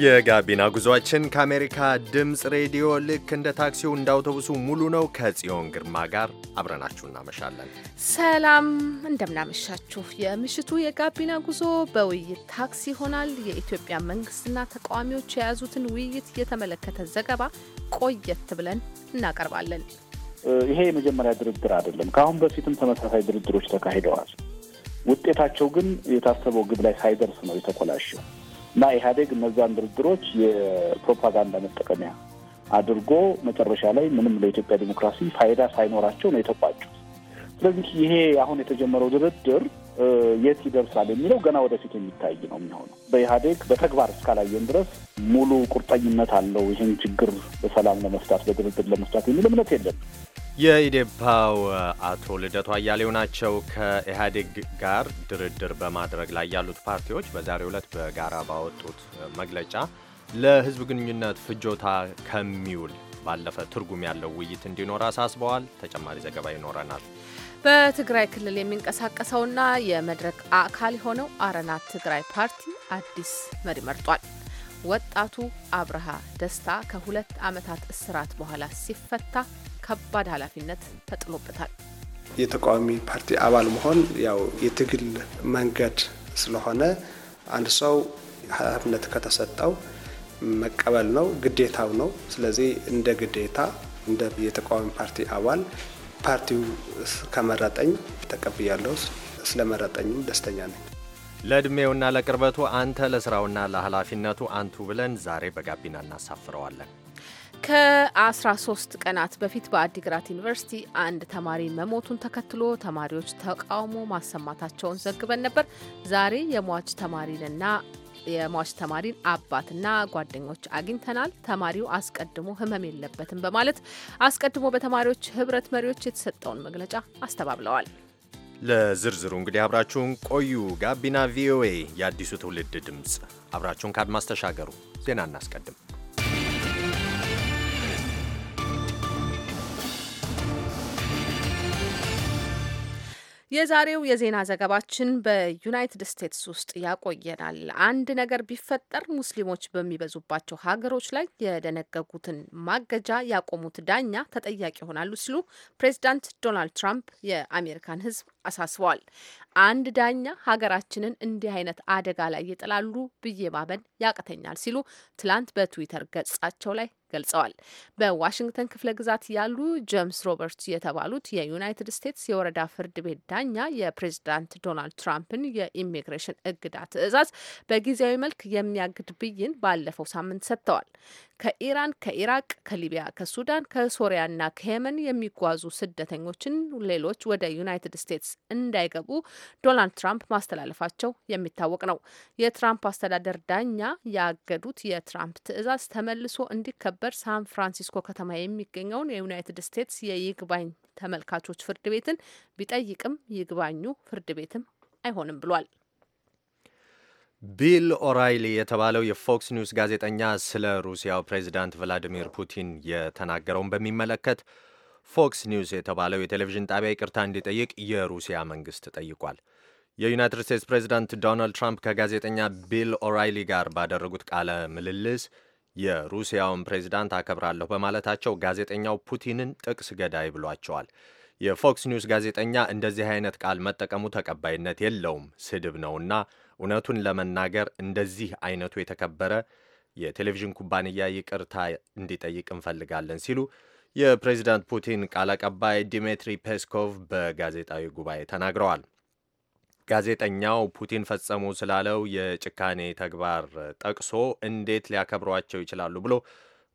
የጋቢና ጉዟችን ከአሜሪካ ድምፅ ሬዲዮ ልክ እንደ ታክሲው እንደ አውቶቡሱ ሙሉ ነው። ከጽዮን ግርማ ጋር አብረናችሁ እናመሻለን። ሰላም እንደምናመሻችሁ። የምሽቱ የጋቢና ጉዞ በውይይት ታክሲ ይሆናል። የኢትዮጵያ መንግስትና ተቃዋሚዎች የያዙትን ውይይት የተመለከተ ዘገባ ቆየት ብለን እናቀርባለን። ይሄ የመጀመሪያ ድርድር አይደለም። ከአሁን በፊትም ተመሳሳይ ድርድሮች ተካሂደዋል። ውጤታቸው ግን የታሰበው ግብ ላይ ሳይደርስ ነው የተኮላሸው። እና ኢህአዴግ እነዛን ድርድሮች የፕሮፓጋንዳ መጠቀሚያ አድርጎ መጨረሻ ላይ ምንም ለኢትዮጵያ ዲሞክራሲ ፋይዳ ሳይኖራቸው ነው የተቋጩት። ስለዚህ ይሄ አሁን የተጀመረው ድርድር የት ይደርሳል የሚለው ገና ወደፊት የሚታይ ነው የሚሆነው። በኢህአዴግ በተግባር እስካላየን ድረስ ሙሉ ቁርጠኝነት አለው ይህን ችግር በሰላም ለመፍታት በድርድር ለመፍታት የሚል እምነት የለም። የኢዴፓው አቶ ልደቱ አያሌው ናቸው። ከኢህአዴግ ጋር ድርድር በማድረግ ላይ ያሉት ፓርቲዎች በዛሬው ዕለት በጋራ ባወጡት መግለጫ ለህዝብ ግንኙነት ፍጆታ ከሚውል ባለፈ ትርጉም ያለው ውይይት እንዲኖር አሳስበዋል። ተጨማሪ ዘገባ ይኖረናል። በትግራይ ክልል የሚንቀሳቀሰውና የመድረክ አካል የሆነው አረና ትግራይ ፓርቲ አዲስ መሪ መርጧል። ወጣቱ አብርሃ ደስታ ከሁለት ዓመታት እስራት በኋላ ሲፈታ ከባድ ኃላፊነት ተጥሎበታል። የተቃዋሚ ፓርቲ አባል መሆን ያው የትግል መንገድ ስለሆነ አንድ ሰው ኃላፊነት ከተሰጠው መቀበል ነው፣ ግዴታው ነው። ስለዚህ እንደ ግዴታ እንደ የተቃዋሚ ፓርቲ አባል ፓርቲው ከመረጠኝ ተቀብያለሁ። ስለመረጠኝም ደስተኛ ነኝ። ለዕድሜውና ለቅርበቱ አንተ ለስራውና ለኃላፊነቱ አንቱ ብለን ዛሬ በጋቢና እናሳፍረዋለን። ከ13 ቀናት በፊት በአዲግራት ዩኒቨርሲቲ አንድ ተማሪ መሞቱን ተከትሎ ተማሪዎች ተቃውሞ ማሰማታቸውን ዘግበን ነበር። ዛሬ የሟች ተማሪንና የሟች ተማሪን አባትና ጓደኞች አግኝተናል። ተማሪው አስቀድሞ ሕመም የለበትም በማለት አስቀድሞ በተማሪዎች ህብረት መሪዎች የተሰጠውን መግለጫ አስተባብለዋል። ለዝርዝሩ እንግዲህ አብራችሁን ቆዩ። ጋቢና ቪኦኤ የአዲሱ ትውልድ ድምፅ፣ አብራችሁን ከአድማስ ተሻገሩ። ዜና እናስቀድም። የዛሬው የዜና ዘገባችን በዩናይትድ ስቴትስ ውስጥ ያቆየናል። አንድ ነገር ቢፈጠር ሙስሊሞች በሚበዙባቸው ሀገሮች ላይ የደነገጉትን ማገጃ ያቆሙት ዳኛ ተጠያቂ ይሆናሉ ሲሉ ፕሬዚዳንት ዶናልድ ትራምፕ የአሜሪካን ሕዝብ አሳስበዋል። አንድ ዳኛ ሀገራችንን እንዲህ አይነት አደጋ ላይ ይጥላሉ ብዬ ማመን ያቅተኛል ሲሉ ትላንት በትዊተር ገጻቸው ላይ ገልጸዋል። በዋሽንግተን ክፍለ ግዛት ያሉ ጄምስ ሮበርትስ የተባሉት የዩናይትድ ስቴትስ የወረዳ ፍርድ ቤት ዳኛ የፕሬዚዳንት ዶናልድ ትራምፕን የኢሚግሬሽን እግዳ ትዕዛዝ በጊዜያዊ መልክ የሚያግድ ብይን ባለፈው ሳምንት ሰጥተዋል። ከኢራን፣ ከኢራቅ፣ ከሊቢያ፣ ከሱዳን፣ ከሶሪያና ከየመን የሚጓዙ ስደተኞችን ሌሎች ወደ ዩናይትድ ስቴትስ እንዳይገቡ ዶናልድ ትራምፕ ማስተላለፋቸው የሚታወቅ ነው። የትራምፕ አስተዳደር ዳኛ ያገዱት የትራምፕ ትዕዛዝ ተመልሶ እንዲከበር ሳን ፍራንሲስኮ ከተማ የሚገኘውን የዩናይትድ ስቴትስ የይግባኝ ተመልካቾች ፍርድ ቤትን ቢጠይቅም ይግባኙ ፍርድ ቤትም አይሆንም ብሏል። ቢል ኦራይሊ የተባለው የፎክስ ኒውስ ጋዜጠኛ ስለ ሩሲያው ፕሬዚዳንት ቭላዲሚር ፑቲን የተናገረውን በሚመለከት ፎክስ ኒውስ የተባለው የቴሌቪዥን ጣቢያ ይቅርታ እንዲጠይቅ የሩሲያ መንግስት ጠይቋል። የዩናይትድ ስቴትስ ፕሬዚዳንት ዶናልድ ትራምፕ ከጋዜጠኛ ቢል ኦራይሊ ጋር ባደረጉት ቃለ ምልልስ የሩሲያውን ፕሬዚዳንት አከብራለሁ በማለታቸው ጋዜጠኛው ፑቲንን ጥቅስ ገዳይ ብሏቸዋል። የፎክስ ኒውስ ጋዜጠኛ እንደዚህ አይነት ቃል መጠቀሙ ተቀባይነት የለውም፣ ስድብ ነውና እውነቱን ለመናገር እንደዚህ አይነቱ የተከበረ የቴሌቪዥን ኩባንያ ይቅርታ እንዲጠይቅ እንፈልጋለን ሲሉ የፕሬዚዳንት ፑቲን ቃል አቀባይ ዲሜትሪ ፔስኮቭ በጋዜጣዊ ጉባኤ ተናግረዋል። ጋዜጠኛው ፑቲን ፈጸሙ ስላለው የጭካኔ ተግባር ጠቅሶ እንዴት ሊያከብሯቸው ይችላሉ ብሎ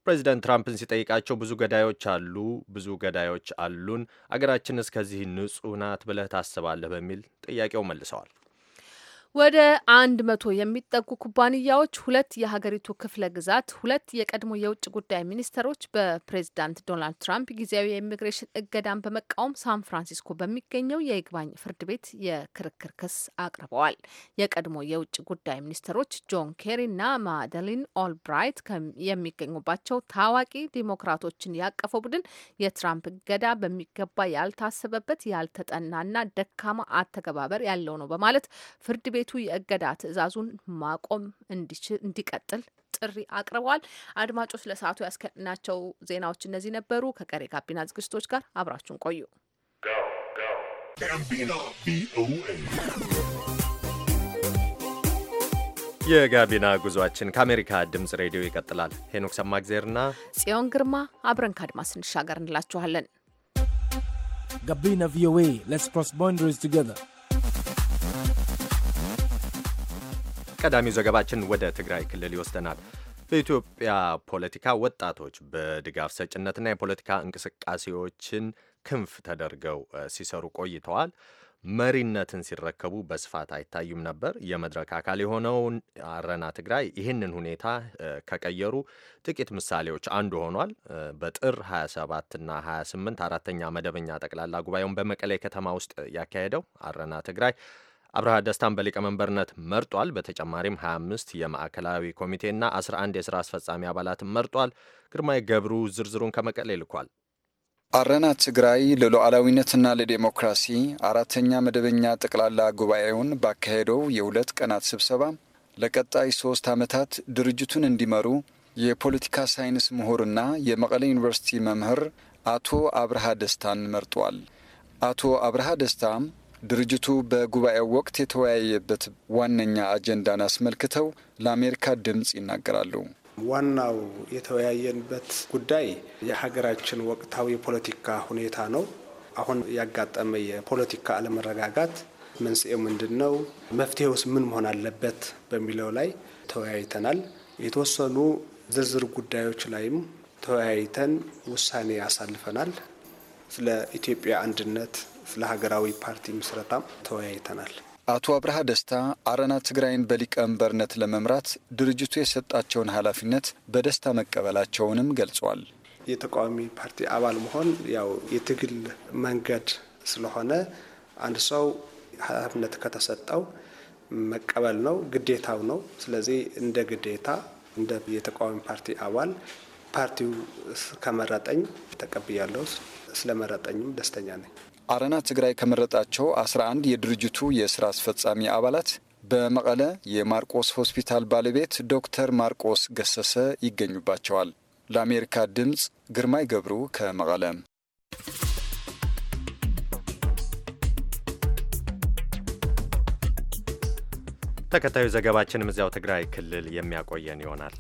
ፕሬዚደንት ትራምፕን ሲጠይቃቸው ብዙ ገዳዮች አሉ፣ ብዙ ገዳዮች አሉን፣ አገራችን እስከዚህ ንጹህ ናት ብለህ ታስባለህ በሚል ጥያቄው መልሰዋል። ወደ አንድ መቶ የሚጠጉ ኩባንያዎች ሁለት የሀገሪቱ ክፍለ ግዛት ሁለት የቀድሞ የውጭ ጉዳይ ሚኒስትሮች በፕሬዚዳንት ዶናልድ ትራምፕ ጊዜያዊ የኢሚግሬሽን እገዳን በመቃወም ሳን ፍራንሲስኮ በሚገኘው የይግባኝ ፍርድ ቤት የክርክር ክስ አቅርበዋል። የቀድሞ የውጭ ጉዳይ ሚኒስትሮች ጆን ኬሪና ማደሊን ኦልብራይት የሚገኙባቸው ታዋቂ ዲሞክራቶችን ያቀፈው ቡድን የትራምፕ እገዳ በሚገባ ያልታሰበበት ያልተጠናና ደካማ አተገባበር ያለው ነው በማለት ፍርድ ቤት ቤቱ የእገዳ ትዕዛዙን ማቆም እንዲቀጥል ጥሪ አቅርበዋል። አድማጮች ለሰዓቱ ያስከናቸው ዜናዎች እነዚህ ነበሩ። ከቀሪ ጋቢና ዝግጅቶች ጋር አብራችሁን ቆዩ። የጋቢና ጉዟችን ከአሜሪካ ድምጽ ሬዲዮ ይቀጥላል። ሄኖክ ሰማግዜርና ጽዮን ግርማ አብረን ከአድማስ እንሻገር እንላችኋለን። ጋቢና ቪኦኤ ሌትስ ክሮስ ባውንደሪስ ቱጌዘር ቀዳሚው ዘገባችን ወደ ትግራይ ክልል ይወስደናል። በኢትዮጵያ ፖለቲካ ወጣቶች በድጋፍ ሰጭነትና የፖለቲካ እንቅስቃሴዎችን ክንፍ ተደርገው ሲሰሩ ቆይተዋል። መሪነትን ሲረከቡ በስፋት አይታዩም ነበር። የመድረክ አካል የሆነውን አረና ትግራይ ይህንን ሁኔታ ከቀየሩ ጥቂት ምሳሌዎች አንዱ ሆኗል። በጥር 27ና 28 አራተኛ መደበኛ ጠቅላላ ጉባኤውን በመቀሌ ከተማ ውስጥ ያካሄደው አረና ትግራይ አብርሃ ደስታን በሊቀመንበርነት መርጧል። በተጨማሪም 25 የማዕከላዊ ኮሚቴና 11 የሥራ አስፈጻሚ አባላትን መርጧል። ግርማይ ገብሩ ዝርዝሩን ከመቀሌ ልኳል። አረና ትግራይ ለሉዓላዊነትና ለዴሞክራሲ አራተኛ መደበኛ ጠቅላላ ጉባኤውን ባካሄደው የሁለት ቀናት ስብሰባ ለቀጣይ ሶስት ዓመታት ድርጅቱን እንዲመሩ የፖለቲካ ሳይንስ ምሁርና የመቀለ ዩኒቨርሲቲ መምህር አቶ አብርሃ ደስታን መርጧል። አቶ አብርሃ ደስታም ድርጅቱ በጉባኤው ወቅት የተወያየበት ዋነኛ አጀንዳን አስመልክተው ለአሜሪካ ድምፅ ይናገራሉ። ዋናው የተወያየንበት ጉዳይ የሀገራችን ወቅታዊ የፖለቲካ ሁኔታ ነው። አሁን ያጋጠመ የፖለቲካ አለመረጋጋት መንስኤው ምንድን ነው? መፍትሄውስ ምን መሆን አለበት? በሚለው ላይ ተወያይተናል። የተወሰኑ ዝርዝር ጉዳዮች ላይም ተወያይተን ውሳኔ ያሳልፈናል። ስለ ኢትዮጵያ አንድነት ለሀገራዊ ፓርቲ ምስረታም ተወያይተናል። አቶ አብርሃ ደስታ አረና ትግራይን በሊቀመንበርነት ለመምራት ድርጅቱ የሰጣቸውን ኃላፊነት በደስታ መቀበላቸውንም ገልጿል። የተቃዋሚ ፓርቲ አባል መሆን ያው የትግል መንገድ ስለሆነ አንድ ሰው ኃላፊነት ከተሰጠው መቀበል ነው፣ ግዴታው ነው። ስለዚህ እንደ ግዴታ እንደ የተቃዋሚ ፓርቲ አባል ፓርቲው ከመረጠኝ ተቀብያለሁ። ስለመረጠኝም ደስተኛ ነኝ። አረና ትግራይ ከመረጣቸው 11 የድርጅቱ የስራ አስፈጻሚ አባላት በመቀለ የማርቆስ ሆስፒታል ባለቤት ዶክተር ማርቆስ ገሰሰ ይገኙባቸዋል። ለአሜሪካ ድምፅ ግርማይ ገብሩ ከመቀለም ተከታዩ ዘገባችንም እዚያው ትግራይ ክልል የሚያቆየን ይሆናል።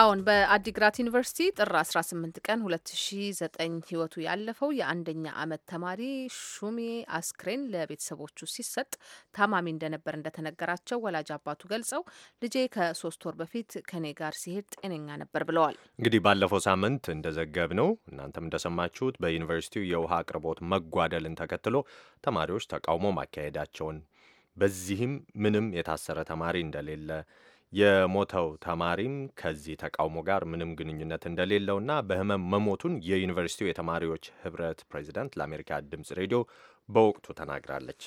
አሁን በአዲግራት ዩኒቨርሲቲ ጥር 18 ቀን 2009 ህይወቱ ያለፈው የአንደኛ ዓመት ተማሪ ሹሜ አስክሬን ለቤተሰቦቹ ሲሰጥ ታማሚ እንደነበር እንደተነገራቸው ወላጅ አባቱ ገልጸው ልጄ ከሶስት ወር በፊት ከኔ ጋር ሲሄድ ጤነኛ ነበር ብለዋል። እንግዲህ ባለፈው ሳምንት እንደዘገብ ነው እናንተም እንደሰማችሁት በዩኒቨርሲቲው የውሃ አቅርቦት መጓደልን ተከትሎ ተማሪዎች ተቃውሞ ማካሄዳቸውን በዚህም ምንም የታሰረ ተማሪ እንደሌለ የሞተው ተማሪም ከዚህ ተቃውሞ ጋር ምንም ግንኙነት እንደሌለውና በህመም መሞቱን የዩኒቨርሲቲው የተማሪዎች ህብረት ፕሬዚዳንት ለአሜሪካ ድምጽ ሬዲዮ በወቅቱ ተናግራለች።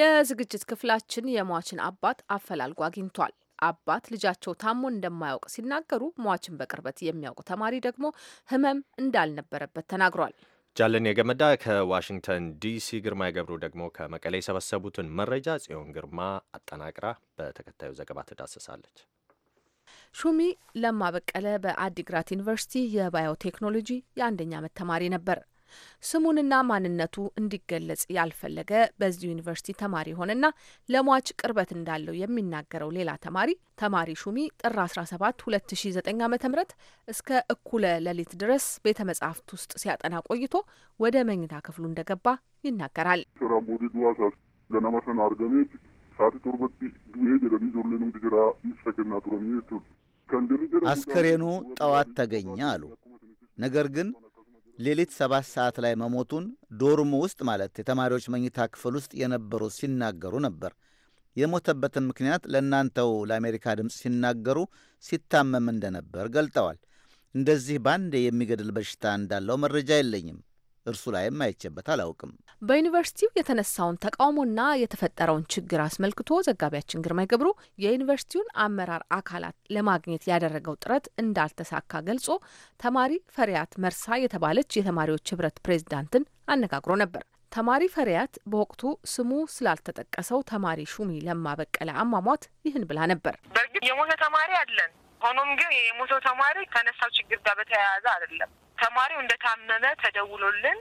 የዝግጅት ክፍላችን የሟችን አባት አፈላልጎ አግኝቷል። አባት ልጃቸው ታሞ እንደማያውቅ ሲናገሩ ሟችን በቅርበት የሚያውቅ ተማሪ ደግሞ ህመም እንዳልነበረበት ተናግሯል። ጃለን የገመዳ ከዋሽንግተን ዲሲ፣ ግርማ የገብሩ ደግሞ ከመቀሌ የሰበሰቡትን መረጃ ጽዮን ግርማ አጠናቅራ በተከታዩ ዘገባ ትዳስሳለች። ሹሚ ለማ በቀለ በአዲግራት ዩኒቨርሲቲ የባዮቴክኖሎጂ የአንደኛ ዓመት ተማሪ ነበር። ስሙንና ማንነቱ እንዲገለጽ ያልፈለገ በዚህ ዩኒቨርሲቲ ተማሪ ሆነና ለሟች ቅርበት እንዳለው የሚናገረው ሌላ ተማሪ ተማሪ ሹሚ ጥር 17 2009 ዓ ም እስከ እኩለ ሌሊት ድረስ ቤተ መጻሕፍት ውስጥ ሲያጠና ቆይቶ ወደ መኝታ ክፍሉ እንደገባ ይናገራል። አስከሬኑ ጠዋት ተገኘ አሉ። ነገር ግን ሌሊት ሰባት ሰዓት ላይ መሞቱን ዶርሙ ውስጥ ማለት የተማሪዎች መኝታ ክፍል ውስጥ የነበሩ ሲናገሩ ነበር። የሞተበትን ምክንያት ለእናንተው ለአሜሪካ ድምፅ ሲናገሩ ሲታመም እንደነበር ገልጠዋል። እንደዚህ ባንዴ የሚገድል በሽታ እንዳለው መረጃ የለኝም። እርሱ ላይም አይቼበት አላውቅም። በዩኒቨርሲቲው የተነሳውን ተቃውሞና የተፈጠረውን ችግር አስመልክቶ ዘጋቢያችን ግርማይ ገብሩ የዩኒቨርሲቲውን አመራር አካላት ለማግኘት ያደረገው ጥረት እንዳልተሳካ ገልጾ ተማሪ ፈሪያት መርሳ የተባለች የተማሪዎች ህብረት ፕሬዚዳንትን አነጋግሮ ነበር። ተማሪ ፈሪያት በወቅቱ ስሙ ስላልተጠቀሰው ተማሪ ሹሚ ለማ በቀለ አሟሟት ይህን ብላ ነበር። በእርግጥ የሞተ ተማሪ አለን። ሆኖም ግን የሞተው ተማሪ ከነሳው ችግር ጋር በተያያዘ አይደለም ተማሪው እንደታመመ ተደውሎልን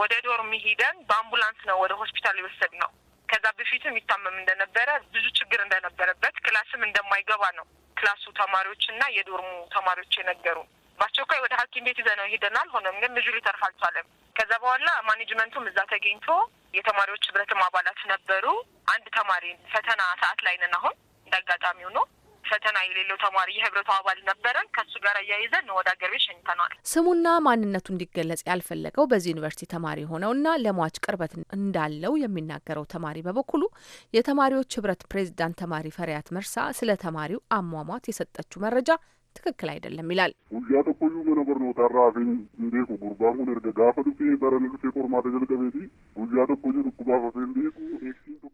ወደ ዶርም ሄደን በአምቡላንስ ነው ወደ ሆስፒታል የወሰድ ነው። ከዛ በፊትም ይታመም እንደነበረ ብዙ ችግር እንደነበረበት ክላስም እንደማይገባ ነው ክላሱ ተማሪዎችና የዶርሙ ተማሪዎች የነገሩ። በአስቸኳይ ወደ ሐኪም ቤት ይዘነው ሄደናል። ሆኖም ግን ልጁ ሊተርፍ አልቻለም። ከዛ በኋላ ማኔጅመንቱም እዛ ተገኝቶ የተማሪዎች ህብረትም አባላት ነበሩ። አንድ ተማሪ ፈተና ሰዓት ላይ ነን አሁን እንዳጋጣሚው ነው ፈተና የሌለው ተማሪ የህብረቱ አባል ነበረን። ከሱ ጋር እያይዘን ወደ ሀገር ቤት ሸኝተነዋል። ስሙና ማንነቱ እንዲገለጽ ያልፈለገው በዚህ ዩኒቨርሲቲ ተማሪ ሆነውና ለሟች ቅርበት እንዳለው የሚናገረው ተማሪ በበኩሉ የተማሪዎች ህብረት ፕሬዚዳንት ተማሪ ፈሪያት መርሳ ስለ ተማሪው አሟሟት የሰጠችው መረጃ ትክክል አይደለም ይላል።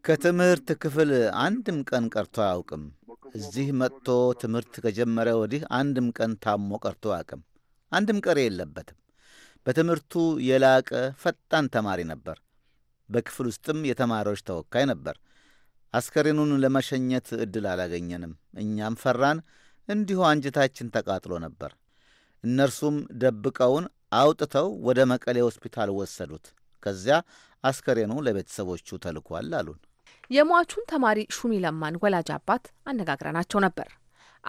ከትምህርት ክፍል አንድም ቀን ቀርቶ አያውቅም። እዚህ መጥቶ ትምህርት ከጀመረ ወዲህ አንድም ቀን ታሞ ቀርቶ አቅም አንድም ቀሬ የለበትም። በትምህርቱ የላቀ ፈጣን ተማሪ ነበር። በክፍል ውስጥም የተማሪዎች ተወካይ ነበር። አስከሬኑን ለመሸኘት ዕድል አላገኘንም። እኛም ፈራን። እንዲሁ አንጀታችን ተቃጥሎ ነበር። እነርሱም ደብቀውን አውጥተው ወደ መቀሌ ሆስፒታል ወሰዱት። ከዚያ አስከሬኑ ለቤተሰቦቹ ተልኳል አሉን። የሟቹን ተማሪ ሹሚ ለማን ወላጅ አባት አነጋግረናቸው ነበር።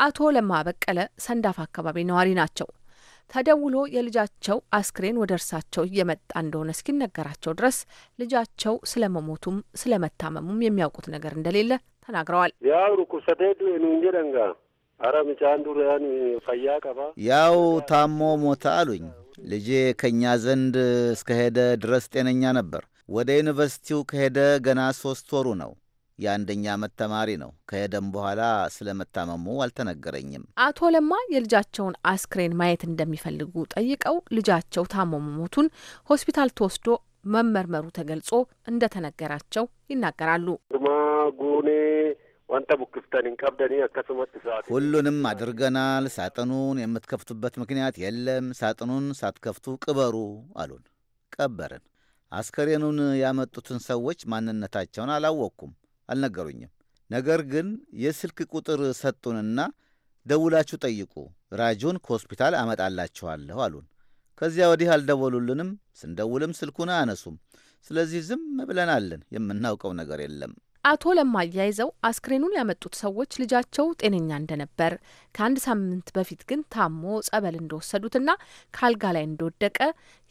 አቶ ለማ በቀለ ሰንዳፋ አካባቢ ነዋሪ ናቸው። ተደውሎ የልጃቸው አስክሬን ወደ እርሳቸው እየመጣ እንደሆነ እስኪነገራቸው ድረስ ልጃቸው ስለመሞቱም ስለመታመሙም የሚያውቁት ነገር እንደሌለ ተናግረዋል። ያው ታሞ ሞተ አሉኝ። ልጄ ከእኛ ዘንድ እስከሄደ ድረስ ጤነኛ ነበር። ወደ ዩኒቨርሲቲው ከሄደ ገና ሦስት ወሩ ነው። የአንደኛ ዓመት ተማሪ ነው። ከሄደም በኋላ ስለ መታመሙ አልተነገረኝም። አቶ ለማ የልጃቸውን አስክሬን ማየት እንደሚፈልጉ ጠይቀው ልጃቸው ታሞ መሞቱን ሆስፒታል ተወስዶ መመርመሩ ተገልጾ እንደተነገራቸው ይናገራሉ። ሁሉንም አድርገናል። ሳጥኑን የምትከፍቱበት ምክንያት የለም። ሳጥኑን ሳትከፍቱ ቅበሩ አሉን። ቀበርን። አስከሬኑን ያመጡትን ሰዎች ማንነታቸውን አላወቅኩም፣ አልነገሩኝም። ነገር ግን የስልክ ቁጥር ሰጡንና ደውላችሁ ጠይቁ፣ ራጁን ከሆስፒታል አመጣላችኋለሁ አሉን። ከዚያ ወዲህ አልደወሉልንም፣ ስንደውልም ስልኩን አያነሱም። ስለዚህ ዝም ብለናለን፣ የምናውቀው ነገር የለም። አቶ ለማ አያይዘው አስክሬኑን ያመጡት ሰዎች ልጃቸው ጤነኛ እንደነበር ከአንድ ሳምንት በፊት ግን ታሞ ጸበል እንደወሰዱትና ከአልጋ ላይ እንደወደቀ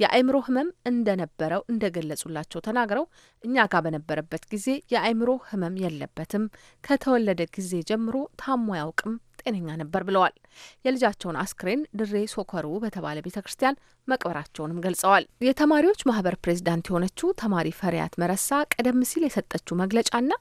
የአእምሮ ሕመም እንደነበረው እንደገለጹላቸው ተናግረው እኛ ጋር በነበረበት ጊዜ የአእምሮ ሕመም የለበትም ከተወለደ ጊዜ ጀምሮ ታሞ አያውቅም ጤነኛ ነበር ብለዋል። የልጃቸውን አስክሬን ድሬ ሶከሩ በተባለ ቤተ ክርስቲያን መቅበራቸውንም ገልጸዋል። የተማሪዎች ማህበር ፕሬዚዳንት የሆነችው ተማሪ ፈሪያት መረሳ ቀደም ሲል የሰጠችው መግለጫና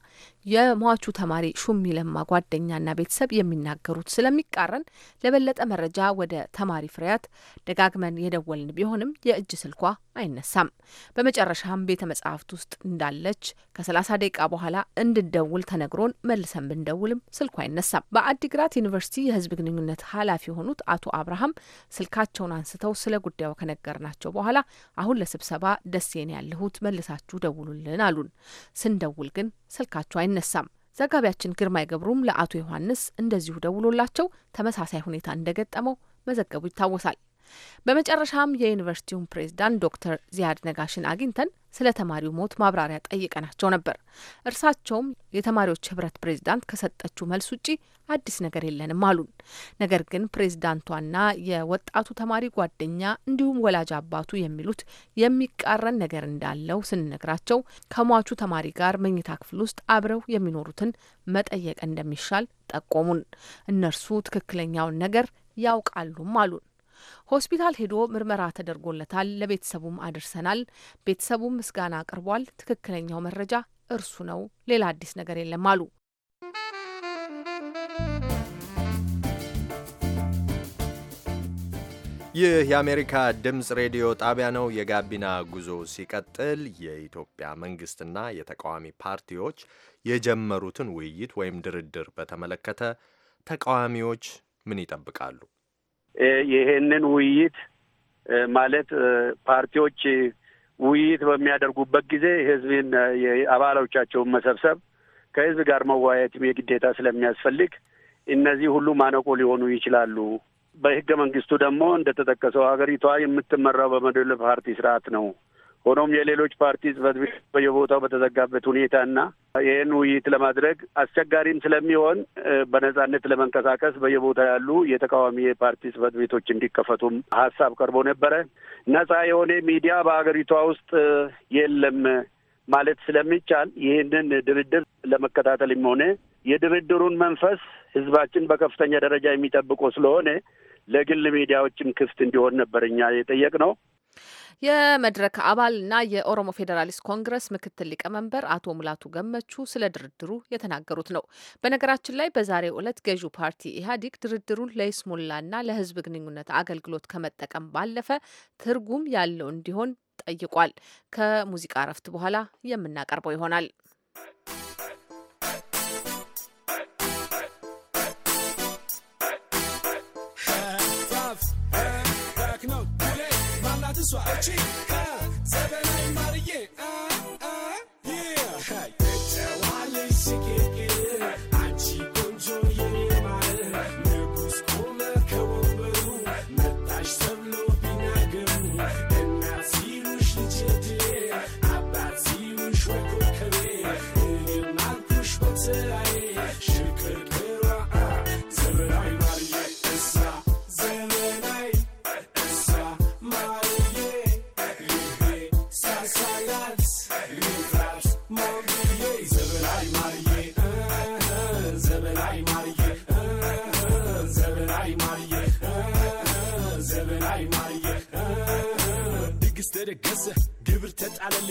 የሟቹ ተማሪ ሹሚ ለማ ጓደኛና ቤተሰብ የሚናገሩት ስለሚቃረን ለበለጠ መረጃ ወደ ተማሪ ፍሬያት ደጋግመን የደወልን ቢሆንም የእጅ ስልኳ አይነሳም። በመጨረሻም ቤተ መጽሐፍት ውስጥ እንዳለች ከሰላሳ ደቂቃ በኋላ እንድደውል ተነግሮን መልሰን ብንደውልም ስልኳ አይነሳም። በአዲግራት ዩኒቨርሲቲ የህዝብ ግንኙነት ኃላፊ የሆኑት አቶ አብርሃም ስልካቸውን አንስተው ስለ ጉዳዩ ከነገርናቸው በኋላ አሁን ለስብሰባ ደሴን ያለሁት መልሳችሁ ደውሉልን አሉን። ስንደውል ግን ስልካቸው አይነሳም። ዘጋቢያችን ግርማይ ገብሩም ለአቶ ዮሐንስ እንደዚሁ ደውሎላቸው ተመሳሳይ ሁኔታ እንደገጠመው መዘገቡ ይታወሳል። በመጨረሻም የዩኒቨርሲቲውን ፕሬዝዳንት ዶክተር ዚያድ ነጋሽን አግኝተን ስለ ተማሪው ሞት ማብራሪያ ጠይቀናቸው ነበር። እርሳቸውም የተማሪዎች ህብረት ፕሬዝዳንት ከሰጠችው መልስ ውጪ አዲስ ነገር የለንም አሉን። ነገር ግን ፕሬዝዳንቷና የወጣቱ ተማሪ ጓደኛ እንዲሁም ወላጅ አባቱ የሚሉት የሚቃረን ነገር እንዳለው ስንነግራቸው ከሟቹ ተማሪ ጋር መኝታ ክፍል ውስጥ አብረው የሚኖሩትን መጠየቅ እንደሚሻል ጠቆሙን። እነርሱ ትክክለኛውን ነገር ያውቃሉም አሉን። ሆስፒታል ሄዶ ምርመራ ተደርጎለታል። ለቤተሰቡም አድርሰናል። ቤተሰቡም ምስጋና አቅርቧል። ትክክለኛው መረጃ እርሱ ነው። ሌላ አዲስ ነገር የለም አሉ። ይህ የአሜሪካ ድምፅ ሬዲዮ ጣቢያ ነው። የጋቢና ጉዞ ሲቀጥል የኢትዮጵያ መንግስትና የተቃዋሚ ፓርቲዎች የጀመሩትን ውይይት ወይም ድርድር በተመለከተ ተቃዋሚዎች ምን ይጠብቃሉ? ይሄንን ውይይት ማለት ፓርቲዎች ውይይት በሚያደርጉበት ጊዜ ህዝብን አባሎቻቸውን መሰብሰብ ከህዝብ ጋር መወያየትም የግዴታ ስለሚያስፈልግ እነዚህ ሁሉ ማነቆ ሊሆኑ ይችላሉ። በህገ መንግስቱ ደግሞ እንደተጠቀሰው ሀገሪቷ የምትመራው በመድበለ ፓርቲ ስርዓት ነው። ሆኖም የሌሎች ፓርቲ ጽህፈት ቤት በየቦታው በተዘጋበት ሁኔታና ይህን ውይይት ለማድረግ አስቸጋሪም ስለሚሆን በነጻነት ለመንቀሳቀስ በየቦታው ያሉ የተቃዋሚ የፓርቲ ጽህፈት ቤቶች እንዲከፈቱም ሀሳብ ቀርቦ ነበረ። ነጻ የሆነ ሚዲያ በሀገሪቷ ውስጥ የለም ማለት ስለሚቻል ይህንን ድርድር ለመከታተልም ሆነ የድርድሩን መንፈስ ህዝባችን በከፍተኛ ደረጃ የሚጠብቆ ስለሆነ ለግል ሚዲያዎችም ክፍት እንዲሆን ነበር እኛ የጠየቅነው። የመድረክ አባልና የኦሮሞ ፌዴራሊስት ኮንግረስ ምክትል ሊቀመንበር አቶ ሙላቱ ገመቹ ስለ ድርድሩ የተናገሩት ነው። በነገራችን ላይ በዛሬው ዕለት ገዢው ፓርቲ ኢህአዲግ ድርድሩን ለይስሙላና ለህዝብ ግንኙነት አገልግሎት ከመጠቀም ባለፈ ትርጉም ያለው እንዲሆን ጠይቋል። ከሙዚቃ እረፍት በኋላ የምናቀርበው ይሆናል። ce soir. Ochi, ah, Savannah Marie, ah, yeah. Tawali sikeke, achi konjo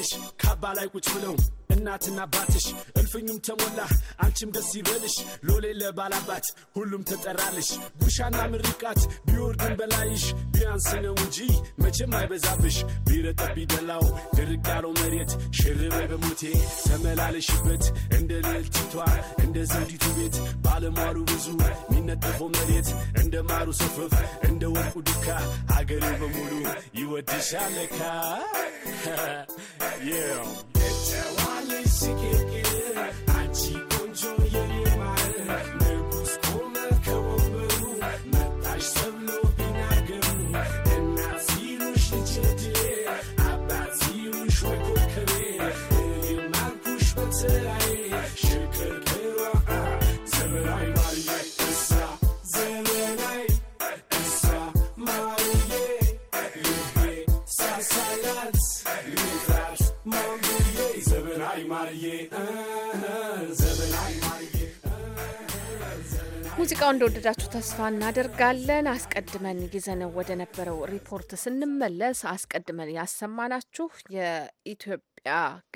ልጅሽ ካባ ላይ ቁጭ ብለው እናትና አባትሽ እልፍኙም ተሞላ አንቺም ደስ ይበልሽ ሎሌ ለባላባት ሁሉም ተጠራልሽ ጉሻና ምርቃት ቢወርድን በላይሽ ቢያንስ ነው እንጂ መቼም አይበዛብሽ ቢረጠብ ቢደላው ድርቅ ያለው መሬት ሽርበይ በሞቴ ተመላለሽበት እንደ ልዕልቲቷ እንደ ዘውዲቱ ቤት ባለሟሉ ብዙ የሚነጠፈው መሬት እንደ ማሩ ሰፈፍ እንደ ወርቁ ዱካ አገሬ በሙሉ ይወድሻለካ Yeah. ሙዚቃው እንደወደዳችሁ ተስፋ እናደርጋለን። አስቀድመን ይዘነው ወደ ነበረው ሪፖርት ስንመለስ አስቀድመን ያሰማናችሁ የኢትዮጵያ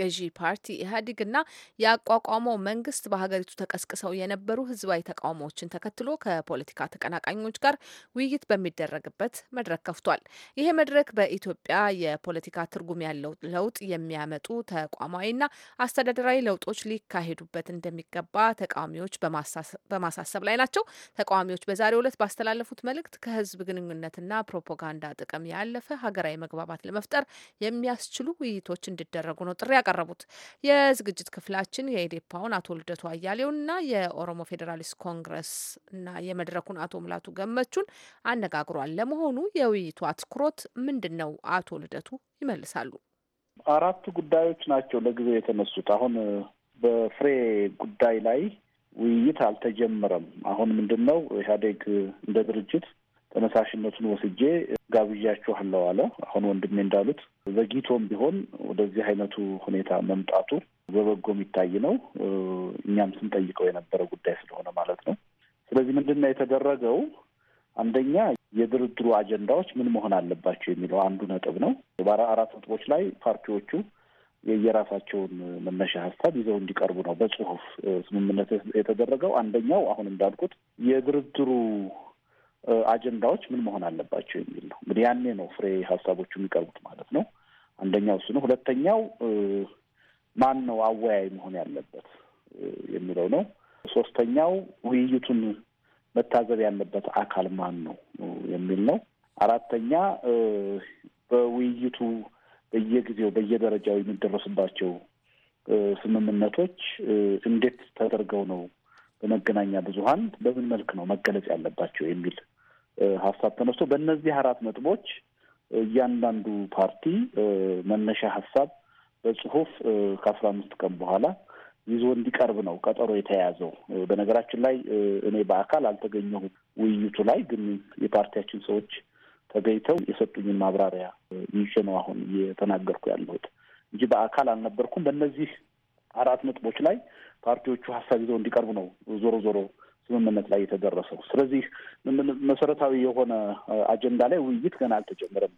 ገዢ ፓርቲ ኢህአዴግና የአቋቋመው መንግስት በሀገሪቱ ተቀስቅሰው የነበሩ ህዝባዊ ተቃውሞዎችን ተከትሎ ከፖለቲካ ተቀናቃኞች ጋር ውይይት በሚደረግበት መድረክ ከፍቷል። ይሄ መድረክ በኢትዮጵያ የፖለቲካ ትርጉም ያለው ለውጥ የሚያመጡ ተቋማዊና አስተዳደራዊ ለውጦች ሊካሄዱበት እንደሚገባ ተቃዋሚዎች በማሳሰብ ላይ ናቸው። ተቃዋሚዎች ተወካዮች በዛሬው ዕለት ባስተላለፉት መልእክት ከህዝብ ግንኙነትና ፕሮፓጋንዳ ጥቅም ያለፈ ሀገራዊ መግባባት ለመፍጠር የሚያስችሉ ውይይቶች እንዲደረጉ ነው ጥሪ ያቀረቡት። የዝግጅት ክፍላችን የኢዴፓውን አቶ ልደቱ አያሌውና የኦሮሞ ፌዴራሊስት ኮንግረስ እና የመድረኩን አቶ ሙላቱ ገመቹን አነጋግሯል። ለመሆኑ የውይይቱ አትኩሮት ምንድን ነው? አቶ ልደቱ ይመልሳሉ። አራቱ ጉዳዮች ናቸው ለጊዜው የተነሱት አሁን በፍሬ ጉዳይ ላይ ውይይት አልተጀመረም። አሁን ምንድን ነው ኢህአዴግ እንደ ድርጅት ተነሳሽነቱን ወስጄ ጋብዣችኋለሁ አለ። አሁን ወንድሜ እንዳሉት ዘግይቶም ቢሆን ወደዚህ አይነቱ ሁኔታ መምጣቱ በበጎ የሚታይ ነው። እኛም ስንጠይቀው የነበረ ጉዳይ ስለሆነ ማለት ነው። ስለዚህ ምንድን ነው የተደረገው? አንደኛ የድርድሩ አጀንዳዎች ምን መሆን አለባቸው የሚለው አንዱ ነጥብ ነው። በአራት ነጥቦች ላይ ፓርቲዎቹ የየራሳቸውን መነሻ ሀሳብ ይዘው እንዲቀርቡ ነው በጽሁፍ ስምምነት የተደረገው። አንደኛው አሁን እንዳልኩት የድርድሩ አጀንዳዎች ምን መሆን አለባቸው የሚል ነው። እንግዲህ ያኔ ነው ፍሬ ሀሳቦቹ የሚቀርቡት ማለት ነው። አንደኛው እሱ ነው። ሁለተኛው ማን ነው አወያይ መሆን ያለበት የሚለው ነው። ሶስተኛው ውይይቱን መታዘብ ያለበት አካል ማን ነው የሚል ነው። አራተኛ በውይይቱ በየጊዜው በየደረጃው የሚደረስባቸው ስምምነቶች እንዴት ተደርገው ነው በመገናኛ ብዙኃን በምን መልክ ነው መገለጽ ያለባቸው የሚል ሀሳብ ተነስቶ በእነዚህ አራት ነጥቦች እያንዳንዱ ፓርቲ መነሻ ሀሳብ በጽሁፍ ከአስራ አምስት ቀን በኋላ ይዞ እንዲቀርብ ነው ቀጠሮ የተያያዘው። በነገራችን ላይ እኔ በአካል አልተገኘሁም ውይይቱ ላይ ግን የፓርቲያችን ሰዎች ተገኝተው የሰጡኝን ማብራሪያ ይዤ ነው አሁን እየተናገርኩ ያለሁት እንጂ በአካል አልነበርኩም። በእነዚህ አራት ነጥቦች ላይ ፓርቲዎቹ ሀሳብ ይዘው እንዲቀርቡ ነው ዞሮ ዞሮ ስምምነት ላይ የተደረሰው። ስለዚህ መሰረታዊ የሆነ አጀንዳ ላይ ውይይት ገና አልተጀመረም።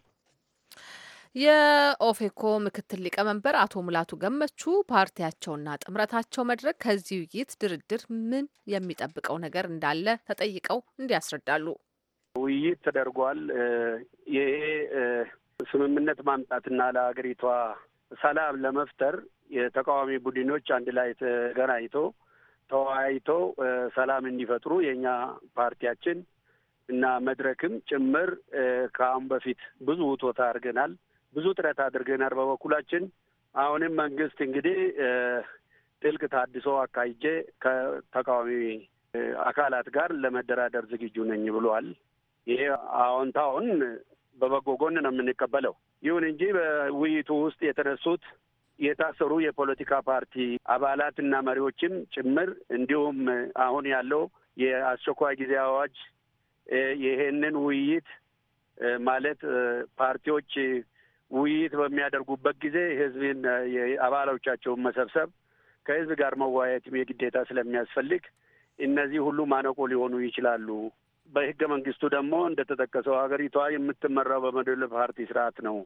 የኦፌኮ ምክትል ሊቀመንበር አቶ ሙላቱ ገመቹ ፓርቲያቸውና ጥምረታቸው መድረክ ከዚህ ውይይት ድርድር ምን የሚጠብቀው ነገር እንዳለ ተጠይቀው እንዲያስረዳሉ ውይይት ተደርጓል። ይሄ ስምምነት ማምጣትና ለሀገሪቷ ሰላም ለመፍጠር የተቃዋሚ ቡድኖች አንድ ላይ ተገናኝቶ ተወያይቶ ሰላም እንዲፈጥሩ የእኛ ፓርቲያችን እና መድረክም ጭምር ከአሁን በፊት ብዙ ውቶታ አድርገናል፣ ብዙ ጥረት አድርገናል በበኩላችን። አሁንም መንግስት እንግዲህ ጥልቅ ታድሶ አካይጄ ከተቃዋሚ አካላት ጋር ለመደራደር ዝግጁ ነኝ ብሏል። ይሄ አዎንታውን በበጎ ጎን ነው የምንቀበለው። ይሁን እንጂ በውይይቱ ውስጥ የተነሱት የታሰሩ የፖለቲካ ፓርቲ አባላት እና መሪዎችም ጭምር እንዲሁም አሁን ያለው የአስቸኳይ ጊዜ አዋጅ ይሄንን ውይይት ማለት ፓርቲዎች ውይይት በሚያደርጉበት ጊዜ ህዝብን አባሎቻቸውን መሰብሰብ ከህዝብ ጋር መወያየትም የግዴታ ስለሚያስፈልግ እነዚህ ሁሉ ማነቆ ሊሆኑ ይችላሉ በህገ መንግስቱ ደግሞ እንደተጠቀሰው ሀገሪቷ የምትመራው በመድብለ ፓርቲ ስርዓት ነው።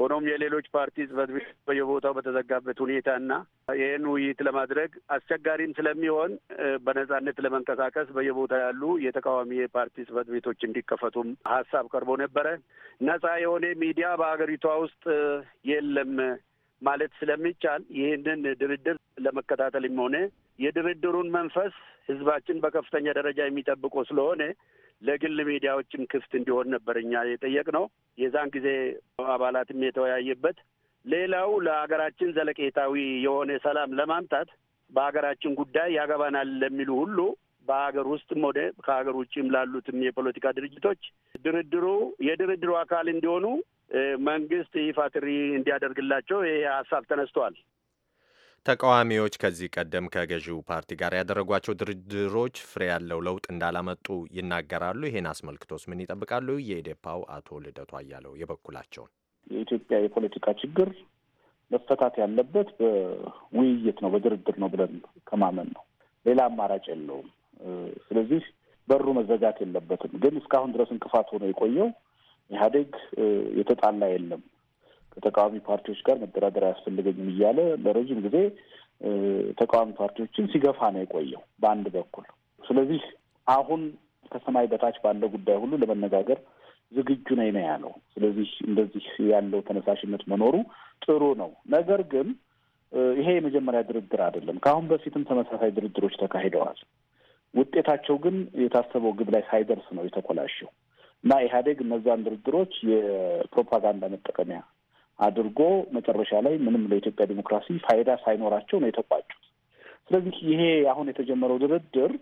ሆኖም የሌሎች ፓርቲ ጽህፈት ቤት በየቦታው በተዘጋበት ሁኔታና ይህን ውይይት ለማድረግ አስቸጋሪም ስለሚሆን በነጻነት ለመንቀሳቀስ በየቦታው ያሉ የተቃዋሚ የፓርቲ ጽህፈት ቤቶች እንዲከፈቱም ሀሳብ ቀርቦ ነበረ። ነጻ የሆነ ሚዲያ በሀገሪቷ ውስጥ የለም ማለት ስለሚቻል ይህንን ድርድር ለመከታተልም ሆነ የድርድሩን መንፈስ ህዝባችን በከፍተኛ ደረጃ የሚጠብቆ ስለሆነ ለግል ሚዲያዎችም ክፍት እንዲሆን ነበር እኛ የጠየቅነው። የዛን ጊዜ አባላትም የተወያየበት ሌላው ለሀገራችን ዘለቄታዊ የሆነ ሰላም ለማምጣት በሀገራችን ጉዳይ ያገባናል ለሚሉ ሁሉ በሀገር ውስጥም ሆነ ከሀገር ውጭም ላሉትም የፖለቲካ ድርጅቶች ድርድሩ የድርድሩ አካል እንዲሆኑ መንግስት ይፋ ጥሪ እንዲያደርግላቸው ይህ ሀሳብ ተነስተዋል። ተቃዋሚዎች ከዚህ ቀደም ከገዢው ፓርቲ ጋር ያደረጓቸው ድርድሮች ፍሬ ያለው ለውጥ እንዳላመጡ ይናገራሉ። ይህን አስመልክቶስ ምን ይጠብቃሉ? የኢዴፓው አቶ ልደቱ አያለው የበኩላቸውን የኢትዮጵያ የፖለቲካ ችግር መፈታት ያለበት በውይይት ነው፣ በድርድር ነው ብለን ከማመን ነው። ሌላ አማራጭ የለውም። ስለዚህ በሩ መዘጋት የለበትም። ግን እስካሁን ድረስ እንቅፋት ሆኖ የቆየው ኢህአዴግ የተጣላ የለም ከተቃዋሚ ፓርቲዎች ጋር መደራደር አያስፈልገኝም እያለ ለረዥም ጊዜ ተቃዋሚ ፓርቲዎችን ሲገፋ ነው የቆየው በአንድ በኩል። ስለዚህ አሁን ከሰማይ በታች ባለው ጉዳይ ሁሉ ለመነጋገር ዝግጁ ነኝ ነው ያለው። ስለዚህ እንደዚህ ያለው ተነሳሽነት መኖሩ ጥሩ ነው። ነገር ግን ይሄ የመጀመሪያ ድርድር አይደለም። ከአሁን በፊትም ተመሳሳይ ድርድሮች ተካሂደዋል። ውጤታቸው ግን የታሰበው ግብ ላይ ሳይደርስ ነው የተኮላሸው እና ኢህአዴግ እነዛን ድርድሮች የፕሮፓጋንዳ መጠቀሚያ አድርጎ መጨረሻ ላይ ምንም ለኢትዮጵያ ዲሞክራሲ ፋይዳ ሳይኖራቸው ነው የተቋጩት። ስለዚህ ይሄ አሁን የተጀመረው ድርድር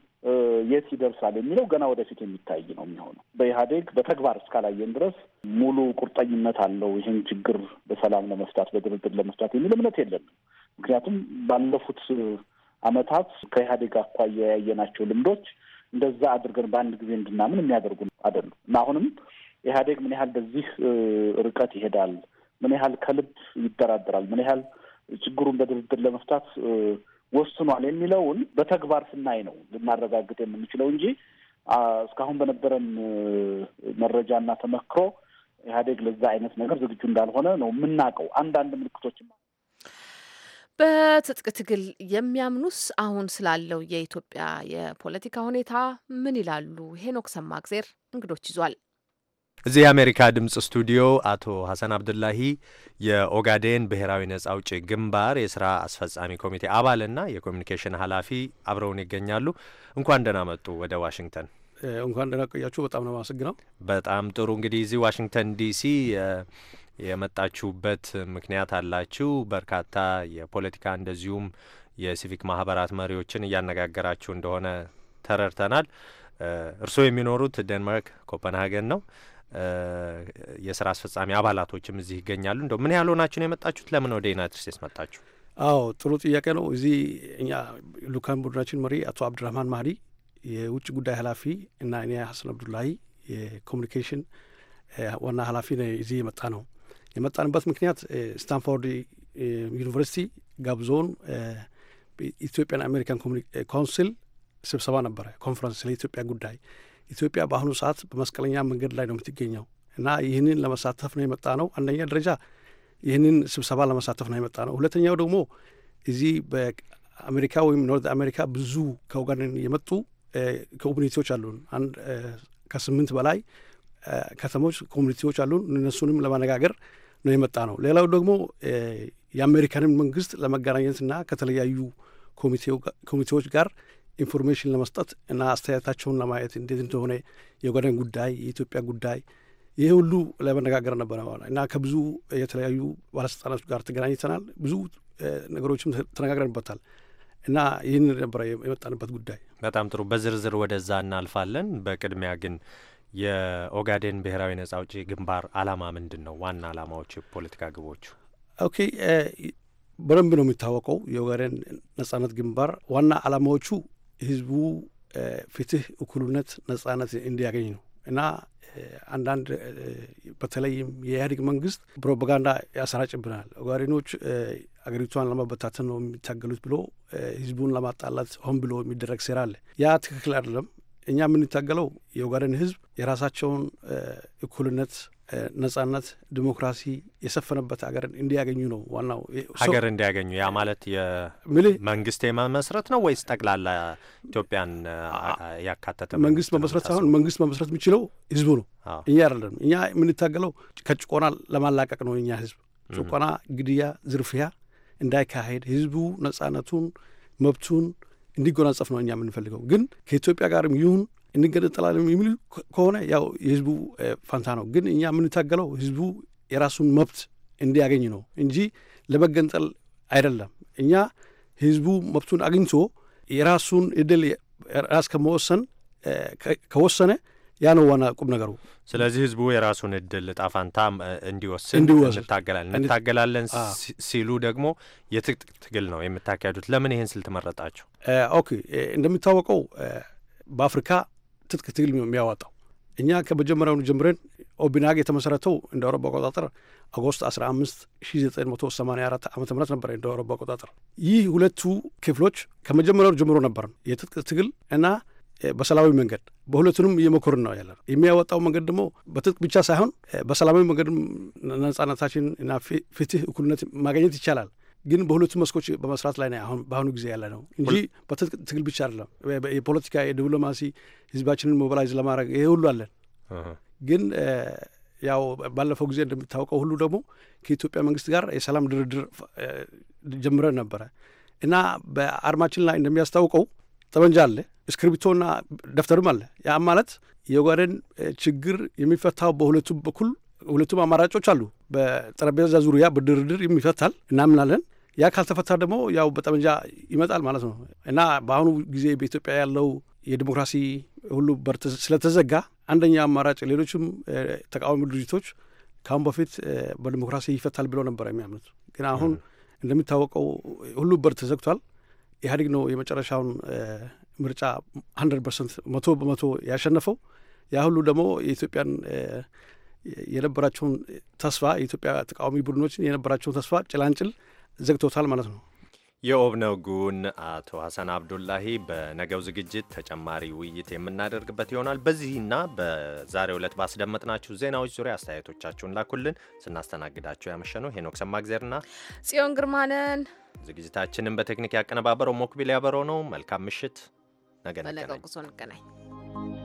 የት ይደርሳል የሚለው ገና ወደፊት የሚታይ ነው የሚሆነው። በኢህአዴግ በተግባር እስካላየን ድረስ ሙሉ ቁርጠኝነት አለው ይህን ችግር በሰላም ለመፍታት በድርድር ለመፍታት የሚል እምነት የለንም። ምክንያቱም ባለፉት ዓመታት ከኢህአዴግ አኳያ ያየናቸው ልምዶች እንደዛ አድርገን በአንድ ጊዜ እንድናምን የሚያደርጉ አይደሉም እና አሁንም ኢህአዴግ ምን ያህል በዚህ ርቀት ይሄዳል ምን ያህል ከልብ ይደራደራል፣ ምን ያህል ችግሩን በድርድር ለመፍታት ወስኗል የሚለውን በተግባር ስናይ ነው ልናረጋግጥ የምንችለው እንጂ እስካሁን በነበረን መረጃ እና ተመክሮ ኢህአዴግ ለዛ አይነት ነገር ዝግጁ እንዳልሆነ ነው የምናውቀው። አንዳንድ ምልክቶች በትጥቅ ትግል የሚያምኑስ አሁን ስላለው የኢትዮጵያ የፖለቲካ ሁኔታ ምን ይላሉ? ሄኖክ ሰማእግዜር እንግዶች ይዟል። እዚህ የአሜሪካ ድምፅ ስቱዲዮ አቶ ሀሰን አብዱላሂ የኦጋዴን ብሔራዊ ነጻ አውጪ ግንባር የስራ አስፈጻሚ ኮሚቴ አባልና የኮሚኒኬሽን ኃላፊ አብረውን ይገኛሉ። እንኳን ደህና መጡ ወደ ዋሽንግተን። እንኳን ደህና ቆያችሁ። በጣም ነው የማመሰግነው። በጣም ጥሩ። እንግዲህ እዚህ ዋሽንግተን ዲሲ የመጣችሁበት ምክንያት አላችሁ። በርካታ የፖለቲካ እንደዚሁም የሲቪክ ማህበራት መሪዎችን እያነጋገራችሁ እንደሆነ ተረድተናል። እርስዎ የሚኖሩት ዴንማርክ ኮፐንሃገን ነው። የስራ አስፈጻሚ አባላቶችም እዚህ ይገኛሉ። እንደው ምን ያህል ሆናችሁ ነው የመጣችሁት? ለምን ወደ ዩናይትድ ስቴትስ መጣችሁ? አዎ ጥሩ ጥያቄ ነው። እዚህ እኛ ልኡካን ቡድናችን መሪ አቶ አብድራህማን ማህዲ የውጭ ጉዳይ ኃላፊ እና እኔ ሀሰን አብዱላሂ የኮሚኒኬሽን ዋና ኃላፊ እዚህ የመጣ ነው። የመጣንበት ምክንያት ስታንፎርድ ዩኒቨርሲቲ ጋብዞን ኢትዮጵያን አሜሪካን ኮንስል ስብሰባ ነበረ፣ ኮንፈረንስ ለኢትዮጵያ ጉዳይ ኢትዮጵያ በአሁኑ ሰዓት በመስቀለኛ መንገድ ላይ ነው የምትገኘው እና ይህንን ለመሳተፍ ነው የመጣ ነው። አንደኛ ደረጃ ይህንን ስብሰባ ለመሳተፍ ነው የመጣ ነው። ሁለተኛው ደግሞ እዚህ በአሜሪካ ወይም ኖርዝ አሜሪካ ብዙ ከኡጋንዳን የመጡ ኮሚኒቲዎች አሉን። ከስምንት በላይ ከተሞች ኮሚኒቲዎች አሉን። እነሱንም ለማነጋገር ነው የመጣ ነው። ሌላው ደግሞ የአሜሪካንን መንግስት ለመገናኘትና ከተለያዩ ኮሚቴዎች ጋር ኢንፎርሜሽን ለመስጠት እና አስተያየታቸውን ለማየት እንዴት እንደሆነ የጓደን ጉዳይ የኢትዮጵያ ጉዳይ ይህ ሁሉ ለመነጋገር ነበረ እና ከብዙ የተለያዩ ባለስልጣናት ጋር ተገናኝተናል። ብዙ ነገሮችም ተነጋግረንበታል እና ይህን ነበረ የመጣንበት ጉዳይ። በጣም ጥሩ። በዝርዝር ወደዛ እናልፋለን። በቅድሚያ ግን የኦጋዴን ብሔራዊ ነጻ አውጪ ግንባር አላማ ምንድን ነው? ዋና አላማዎች፣ የፖለቲካ ግቦቹ? ኦኬ በደንብ ነው የሚታወቀው የኦጋዴን ነጻነት ግንባር ዋና አላማዎቹ ህዝቡ ፍትህ፣ እኩልነት፣ ነጻነት እንዲያገኝ ነው እና አንዳንድ በተለይም የኢህአዴግ መንግስት ፕሮፓጋንዳ ያሰራጭብናል። ኦጋዴኖች አገሪቷን ለማበታተን ነው የሚታገሉት ብሎ ህዝቡን ለማጣላት ሆን ብሎ የሚደረግ ሴራ አለ። ያ ትክክል አይደለም። እኛ የምንታገለው የኦጋዴን ህዝብ የራሳቸውን እኩልነት ነጻነት፣ ዲሞክራሲ የሰፈነበት ሀገር እንዲያገኙ ነው ዋናው ሀገር እንዲያገኙ። ያ ማለት የመንግስት የመመስረት ነው ወይስ ጠቅላላ ኢትዮጵያን ያካተተ መንግስት መመስረት ሳይሆን መንግስት መመስረት የሚችለው ህዝቡ ነው፣ እኛ አይደለም። እኛ የምንታገለው ከጭቆና ለማላቀቅ ነው። እኛ ህዝብ ጭቆና፣ ግድያ፣ ዝርፊያ እንዳይካሄድ ህዝቡ ነጻነቱን መብቱን እንዲጎናጸፍ ነው እኛ የምንፈልገው። ግን ከኢትዮጵያ ጋርም ይሁን እንገነጠላለን የሚል ከሆነ ያው የህዝቡ ፋንታ ነው። ግን እኛ የምንታገለው ህዝቡ የራሱን መብት እንዲያገኝ ነው እንጂ ለመገንጠል አይደለም። እኛ ህዝቡ መብቱን አግኝቶ የራሱን እድል ራስ ከመወሰን ከወሰነ ያ ነው ዋና ቁም ነገሩ። ስለዚህ ህዝቡ የራሱን እድል እጣ ፋንታ እንዲወስን እንታገላለን እንታገላለን ሲሉ ደግሞ የትጥቅ ትግል ነው የምታካሄዱት። ለምን ይህን ስልት መረጣችሁ? ኦኬ እንደሚታወቀው በአፍሪካ ትጥቅ ትግል የሚያወጣው። እኛ ከመጀመሪያውኑ ጀምረን ኦቢናግ የተመሰረተው እንደ አውሮፓ አቆጣጠር አጎስት 15 1984 ዓ ም ነበር እንደ አውሮፓ አቆጣጠር። ይህ ሁለቱ ክፍሎች ከመጀመሪያውኑ ጀምሮ ነበር የትጥቅ ትግል እና በሰላማዊ መንገድ በሁለቱንም እየሞከርን ነው ያለን። የሚያወጣው መንገድ ደግሞ በትጥቅ ብቻ ሳይሆን በሰላማዊ መንገድ ነጻነታችን እና ፍትህ፣ እኩልነት ማግኘት ይቻላል ግን በሁለቱ መስኮች በመስራት ላይ ነው በአሁኑ ጊዜ ያለ ነው እንጂ በትጥቅ ትግል ብቻ አይደለም። የፖለቲካ፣ የዲፕሎማሲ ህዝባችንን ሞቢላይዝ ለማድረግ ይሄ ሁሉ አለን። ግን ያው ባለፈው ጊዜ እንደሚታወቀው ሁሉ ደግሞ ከኢትዮጵያ መንግስት ጋር የሰላም ድርድር ጀምረን ነበረ እና በአርማችን ላይ እንደሚያስታውቀው ጠመንጃ አለ፣ እስክሪብቶና ደብተርም አለ። ያ ማለት የጓደን ችግር የሚፈታው በሁለቱም በኩል ሁለቱም አማራጮች አሉ። በጠረጴዛ ዙሪያ በድርድር የሚፈታል እናምናለን። ያ ካልተፈታ ደግሞ ያው በጠመንጃ ይመጣል ማለት ነው እና በአሁኑ ጊዜ በኢትዮጵያ ያለው የዲሞክራሲ ሁሉ በር ስለተዘጋ አንደኛ አማራጭ ሌሎችም ተቃዋሚ ድርጅቶች ከአሁን በፊት በዲሞክራሲ ይፈታል ብለው ነበር የሚያምኑት። ግን አሁን እንደሚታወቀው ሁሉ በር ተዘግቷል። ኢህአዴግ ነው የመጨረሻውን ምርጫ ሀንድረድ ፐርሰንት መቶ በመቶ ያሸነፈው። ያ ሁሉ ደግሞ የኢትዮጵያን የነበራቸውን ተስፋ የኢትዮጵያ ተቃዋሚ ቡድኖችን የነበራቸውን ተስፋ ጭላንጭል ዘግቶታል ማለት ነው። የኦብነጉን አቶ ሀሰን አብዱላሂ በነገው ዝግጅት ተጨማሪ ውይይት የምናደርግበት ይሆናል። በዚህና በዛሬው ዕለት ባስደመጥናችሁ ዜናዎች ዙሪያ አስተያየቶቻችሁን ላኩልን። ስናስተናግዳችሁ ያመሸነው ሄኖክ ሰማግዜርና ጽዮን ግርማንን። ዝግጅታችንን በቴክኒክ ያቀነባበረው ሞክቢል ያበረው ነው። መልካም ምሽት። ነገ እንገናኝ።